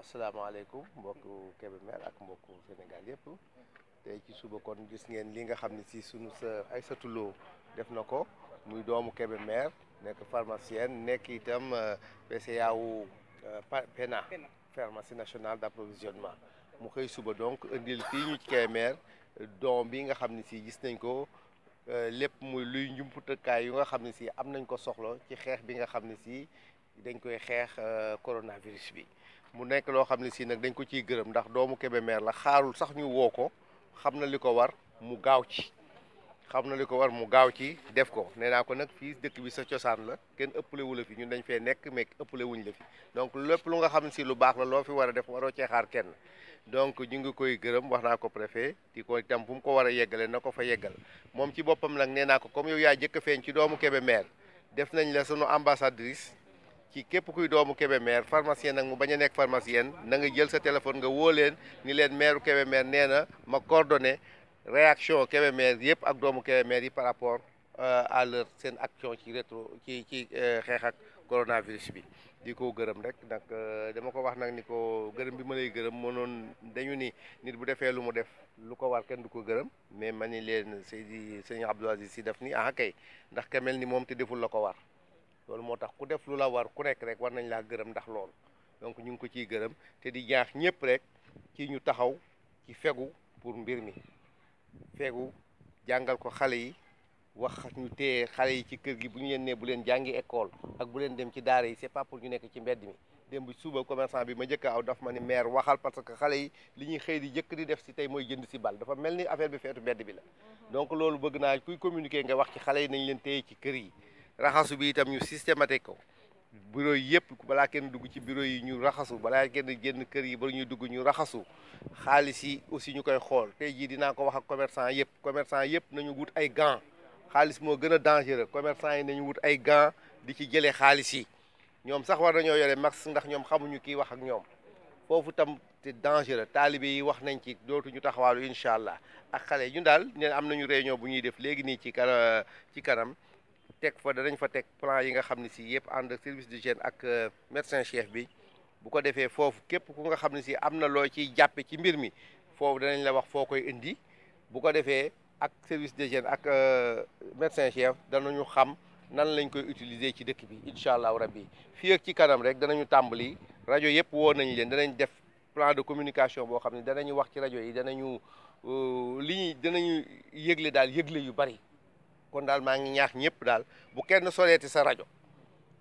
asalaamaaleykum mbokku Kébémer ak mbokku Sénégal yëpp tey ci suba kon gis ngeen li nga xam ne si sunu sa Aïssatou Lo def na ko muy doomu Kébémer nekk pharmacienne nekk itam euh, PCA wu euh, PENA pharmacie nationale d'approvisionnement mu xëy suba donc indil fii ñu ci Kébémer doom bi nga xam ne si gis nañ ko euh, lépp muy luy njumputukaay yu nga xam ne si am nañ ko soxla ci xeex bi nga xam ne si dañ koy xeex coronavirus bi mu nekk loo xam ne sii nag dañ ko ciy gërëm ndax doomu Kébémer la xaarul sax ñu woo ko xam na li ko war mu gaaw ci xam na li ko war mu gaaw ci def ko nee naa ko nag fii dëkk bi sa cosaan la kenn ëppale wu fi ñun dañ fee nekk mais ëppale wuñ la fi donc lépp lu nga xam ne si lu baax la loo fi war a def waroo cee xaar kenn donc ñu ngi koy gërëm wax naa ko préfet di ko itam fu mu ko war a yeggalee na ko fa yeggal moom ci boppam nag nee naa ko comme yow yaa jëkk a feeñ ci doomu Kébémer def nañ la sunu ambassadrice ci képp kuy doomu Kébémer pharmacien nag mu bañ a nekk pharmacien na nga jël sa téléphone nga woo leen ni leen meeru Kébémer nee na ma coordonné réaction Kébémer yëpp ak doomu Kébémer yi par rapport euh, à leur seen action ci rétro ci ci euh, xeex ak coronavirus bi di ko gërëm rek nag euh, dama ko wax nag ni ko gërëm bi ma lay gërëm moo noon dañu ni nit bu defee lu mu def lu ko war kenn du ko gërëm mais ma ni leen Seydi Sëñ Abdou Aziz Si def ni ah kay ndax ka mel ni moom te deful la ko war loolu moo tax ku def lu la war ku nekk rek war nañ laa gërëm ndax loolu donc ñu ngi ko ciy gërëm te di jaax ñëpp rek ci ñu taxaw ci fegu pour mbir mi fegu jàngal ko xale yi wax ñu téye xale yi ci kër gi bu ñu leen nee bu leen jàngi école ak bu leen dem ci daara yi c'est pas pour ñu nekk ci mbedd mi démb suba commerçant bi ma njëkk aw daf ma ni maire waxal parce que xale yi li ñuy xëy di jëkk di def si tey mooy jënd si bal dafa mel ni affaire bi feetu mbedd bi la mm-hmm. donc loolu bëgg naa kuy communiquer nga wax ci xale yi nañ leen téye ci kër yi raxasu bi itam ñu systématique ko bureau yi yëpp balaa kenn dugg ci bureau yi ñu raxasu balaa kenn génn kër yi ba ñuy dugg ñu raxasu xaalis yi aussi ñu koy xool tey jii dinaa ko wax ak commerçant yëpp commerçant yëpp nañu wut ay gants xaalis moo gën a dangereux commerçant yi nañu wut ay gants di ci jëlee xaalis yi ñoom sax war nañoo yore max ndax ñoom xamuñu kii wax ak ñoom foofu tam te dangereux taalibe yi wax nañ ci dootuñu taxawaalu incha allah ak xale yi ñun daal ñun am nañu réunion bu ñuy def léegi nii ci kanam ci kanam. tek fa dañ fa tek plan yi nga xamni ne si yëpp ànd ak service d'hygiène ak euh, médecin chef bi bu ko defee foofu képp ku nga xamni ne si am na loo ciy ci mbir mi foofu dañ la wax foo koy indi bu ko defee ak service d'hygiène ak euh, médecin chef danañu xam nan lañ koy utiliser ci dëkk bi inshallah rabbi fi ak ci kanam rek danañu tambali rajo yépp woo nañ leen danañ def plan de communication boo xam ne danañu wax ci rajo yi danañu euh, li ñuy danañu yëgle daal yëgle yu bari kon daal maa ngi ñaax ñëpp daal bu kenn soreeti sa rajo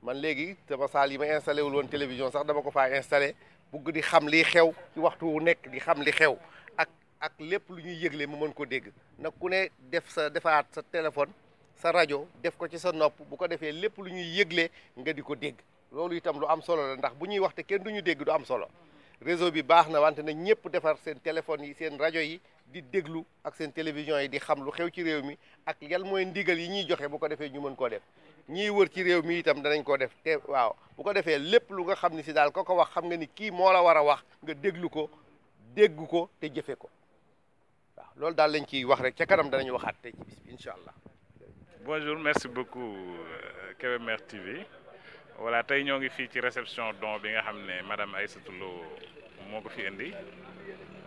man léegi sama saal yi ma installé wul woon télévision sax dama ko faa installé bugg di xam li xew ci waxtu wu nekk di xam li xew ak ak lépp lu ñuy yëgle mu mën ko dégg nag ku ne def sa defaat sa téléphone sa rajo def ko ci sa nopp bu ko defee lépp lu ñuy yëgle nga di ko dégg loolu itam lu am solo la ndax bu ñuy waxte kenn du ñu dégg du am solo réseau bi baax na wante na ñëpp defar seen téléphone yi seen rajo yi di déglu ak seen télévision yi di xam lu xew ci réew mi ak yan mooy ndigal yi ñuy joxe bu ko defee ñu mën koo def ñiy wër ci réew mi itam danañ ko def te waaw bu ko defee lépp lu nga xam ni si daal ko ko wax xam nga ni kii moo la war a wax nga déglu ko dégg ko te jëfe ko waaw loolu daal lañ ciy wax rek ca kanam danañ waxaat tey ci bis bi incha allah. bonjour merci beaucoup euh, Kébémer TV voilà tey ñoo ngi fii ci réception don bi nga xam ne madame Aïssatou Lo moo ko fi indi.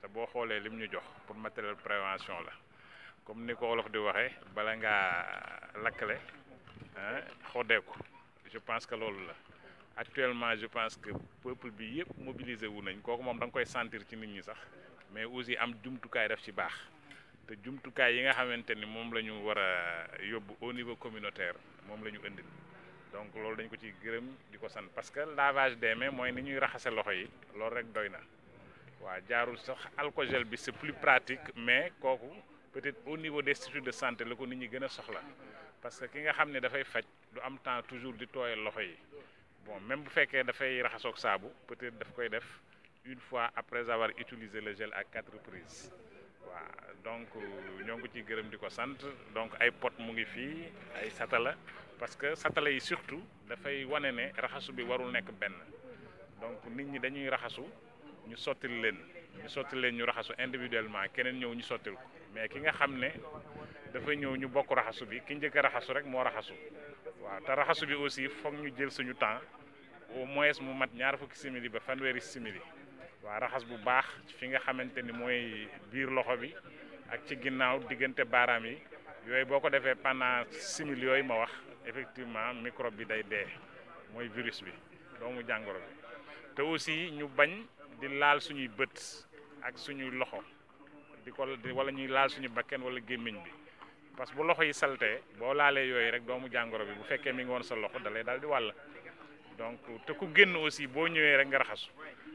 te boo xoolee lim ñu jox pour matériel prévention la comme ni ko wolof di waxee bala ngaa lakkale hein, xoddeeku je pense que loolu la actuellement je pense que peuple bi yëpp mobilisé wu nañ kooku moom da nga koy sentir ci nit ñi sax mais aussi am jumtukaay daf ci baax te jumtukaay yi nga xamante ni moom la ñu war au niveau communautaire moom la ñu indi donc loolu dañ ko ciy gërëm di ko parce que lavage des mains mooy ni ñuy raxase loxo yi loolu rek doy waaw jaarul sax alcogel bi c'est plus pratique mais kooku peut-être au niveau des structures de santé le ko nit ñi gën a parce que ki nga xam ne dafay faj du am temps toujours di tooyal loxo yi bon même bu fekkee dafay raxasoog sabu, peut-être daf koy def une fois après avoir utilisé le gel à quatre reprises waaw donc ñoo ngi ciy gërëm di donc ay pot mu ngi fii ay satala parce que satala yi surtout dafay wane ne raxasu bi warul nekk ben. donc nit ñi dañuy raxasu ñu sottil leen ñu sottil leen ñu raxasu individuellement keneen ñëw ñu sottil ko mais ki nga xam ne dafa ñëw ñu bokk raxasu bi ki njëkk raxasu rek moo raxasu waaw te raxasu bi aussi foog ñu jël suñu temps au moins mu mat ñaar fukki simili ba fanweeri simili waaw raxas bu baax fi nga xamante ni mooy biir loxo bi ak ci ginnaaw diggante baaraam yi yooyu boo ko defee pendant simili yooyu ma wax effectivement microbe bi day dee mooy virus bi doomu jàngoro bi te aussi ñu bañ di laal suñuy bët ak suñuy loxo di ko wala ñuy laal suñu bakken wala gémmiñ bi parce bu loxo yi salté bo laalé yooyu rek doomu jangoro bi bu fekkee mi ngi woon sa loxo dalay lay daal di wàll donc te ku génn aussi boo ñëwee rek nga raxasu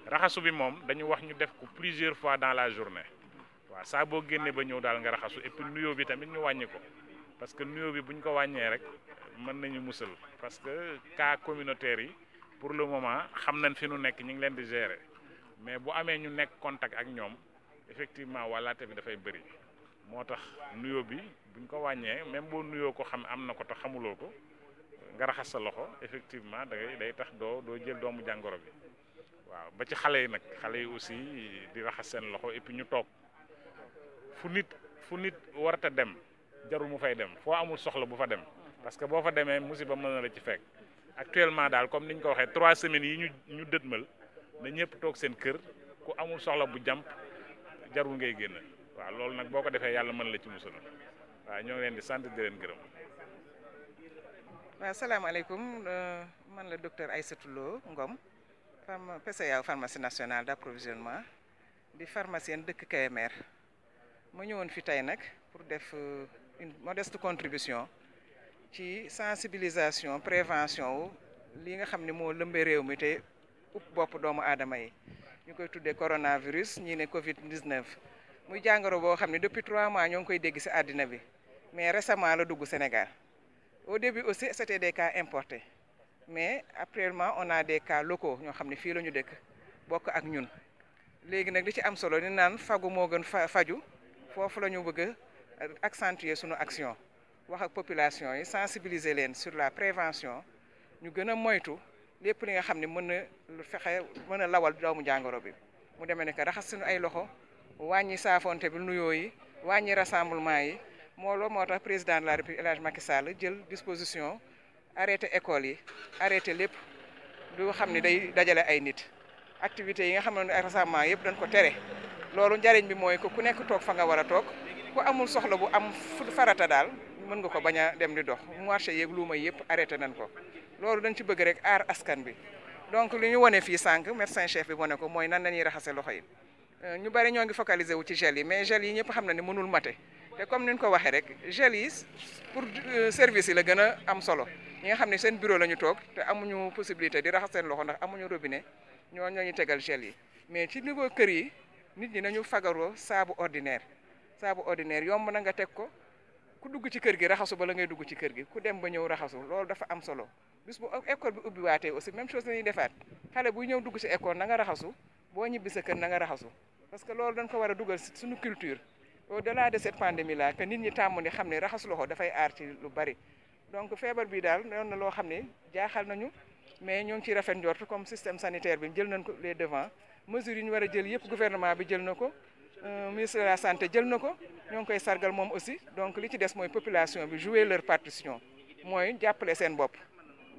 raxasu bi moom dañu wax ñu def ko plusieurs fois dans la journée waaw saa boo génnee ba ñëw daal nga raxasu et puis nuyoo bi tamit ñu wàññi ko parce que nuyoo bi buñ ko wàññee rek mën nañu musal parce que cas communautaire yi pour le moment xam nañ fi nu nekk ñu ngi leen di gérer. mais bu amee ñu nekk contact ak ñoom effectivement wàllaate bi dafay bëri moo tax bi buñ ko wàññee même boo nuyoo ko xam am ko te xamuloo ko nga raxas sa loxo effectivement da ngay day tax do doo jël doomu jàngoro bi waaw ba ci yi aussi di raxas seen loxo et puis ñu toog fu nit fu nit warta dem jarul mu fay dem foo amul soxla bu fa dem parce que boo fa demee musiba mën la ci fekk actuellement comme niñ ko semaines yi ñu ñu na ñëpp toog seen kër ku amul soxla bu jàmp jarul ngay génn waaw loolu nag boo ko defee yàlla mën la ci musal waaw ñoo ngi leen di sant di leen gërëm. waaw salaamaaleykum euh, man la docteur ay Lo Ngom pharma PCA pharmacie nationale d'approvisionnement di pharmacienne dëkk Kébémer ma ñëwoon fi tey nag pour def euh, une modeste contribution ci sensibilisation prévention wu li nga xam ne moo lëmbee réew mi te. upp bopp doomu aadama yi ñu koy tuddee coronavirus ñii ne Covid 19. muy jàngoro boo xam ne depuis 3 mois ñoo ngi koy dégg si àddina bi mais récemment la dugg Sénégal au début aussi c'était des cas importés mais actuellement on a des cas locaux ñoo xam ne fii la ñu dëkk bokk ak ñun. léegi nag li ci am solo ni naan fagu moo gën fa faju foofu la ñu bëgg accentuer sunu action wax ak population yi sensibiliser leen sur la prévention ñu gën a moytu. lépp li nga xam ne mën na lu fexe mën a lawal doomu jàngoro bi mu demee ne que raxas suñu ay loxo wàññi saafonte bi nuyoo yi wàññi rassemblement yi moo loolu moo tax président de la république El Hadj Macky Sall jël disposition arrêté école yi arrêté lépp du xam ne day dajale ay nit activités yi nga xam ne rassemblement yëpp dañ ko tere loolu njariñ bi mooy ko ku nekk toog fa nga war a toog ku amul soxla bu am farata daal mën nga ko bañ a dem di dox marché yeeg luuma yëpp arrêté nañ ko loolu dañ ci bëgg rek aar askan bi donc li ñu wane fii sànq médecin chef bi wane ko mooy nan la ñuy raxase loxo yi euh, ñu bari ñoo ngi focaliser wu ci gel yi mais gel yi ñëpp xam na ne mënul mate te comme ni ñu ko waxee rek gel yi pour euh, service yi la gën a am solo ñi nga xam ne seen bureau la ñu toog te amuñu possibilité di raxas seen loxo ndax amuñu robine ñoo ñu tegal gel yi mais ci niveau kër yi nit ñi nañu fagaroo saabu ordinaire saabu ordinaire yomb na nga teg ko ku dugg ci kër gi raxasu ba ngay dugg ci kër gi ku dem ba ñëw raxasu loolu dafa am solo bis bu école bi ubbi waté aussi même chose la ñuy defaat bu buy ñëw dugg si école na nga raxasu bo ñibbi sa kër na nga raxasu parce que loolu dañ ko wara a dugal suñu culture au delà de cette pandémie là que nit ñi tàmm ni xam ne raxas loxo dafay aar ci lu bari donc feebar bi daal noonu na loo xam ne jaaxal nañu mais ñoo ngi ciy rafet njort comme système sanitaire bi jël nañ ko les devants mesures yi ñu war a jël yëpp gouvernement bi jël na ko euh, ministre de la santé jël na ko ñoo ngi koy sargal moom aussi donc li ci des mooy population bi jouer leur partition mooy jàppale seen bopp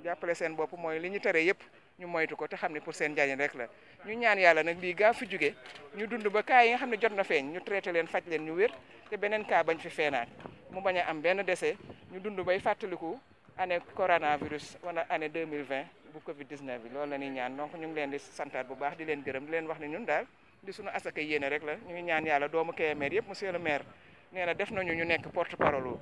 jàppale seen bopp moy liñu téré yépp ñu moytu ko té xamni pour seen njariñ rek la ñu ñaan yalla nak lii gaa fi juggé ñu dund ba kay yi nga xamni jot na feñ ñu traité len fajj len ñu wër té benen ka bañ fi feenaat mu baña am benn décès ñu dund bay fàttaliku année coronavirus wala année 2020 bu Covid 19 bi loolu la ñuy ñaan donc ñu ngi leen di santat bu baax di leen gërëm di leen wax ni ñun daal di suñu asaka yéene rek la ñu ngi ñaan yalla doomu kay Kébémer yépp monsieur le maire nee def nañu ñu nekk porte parole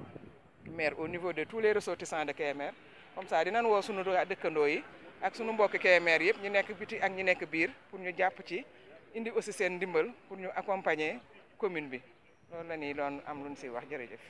maire au niveau de tous les ressortissants de KMR comme ça dinañ woo sunu dëkkandoo yi ak sunu mbokk Kébémer yëpp ñu nekk biti ak ñu nekk biir pour ñu jàpp ci indi aussi seen ndimbal pour ñu accompagner commune bi loolu la ñuy doon am lu ñu si wax jërëjëf.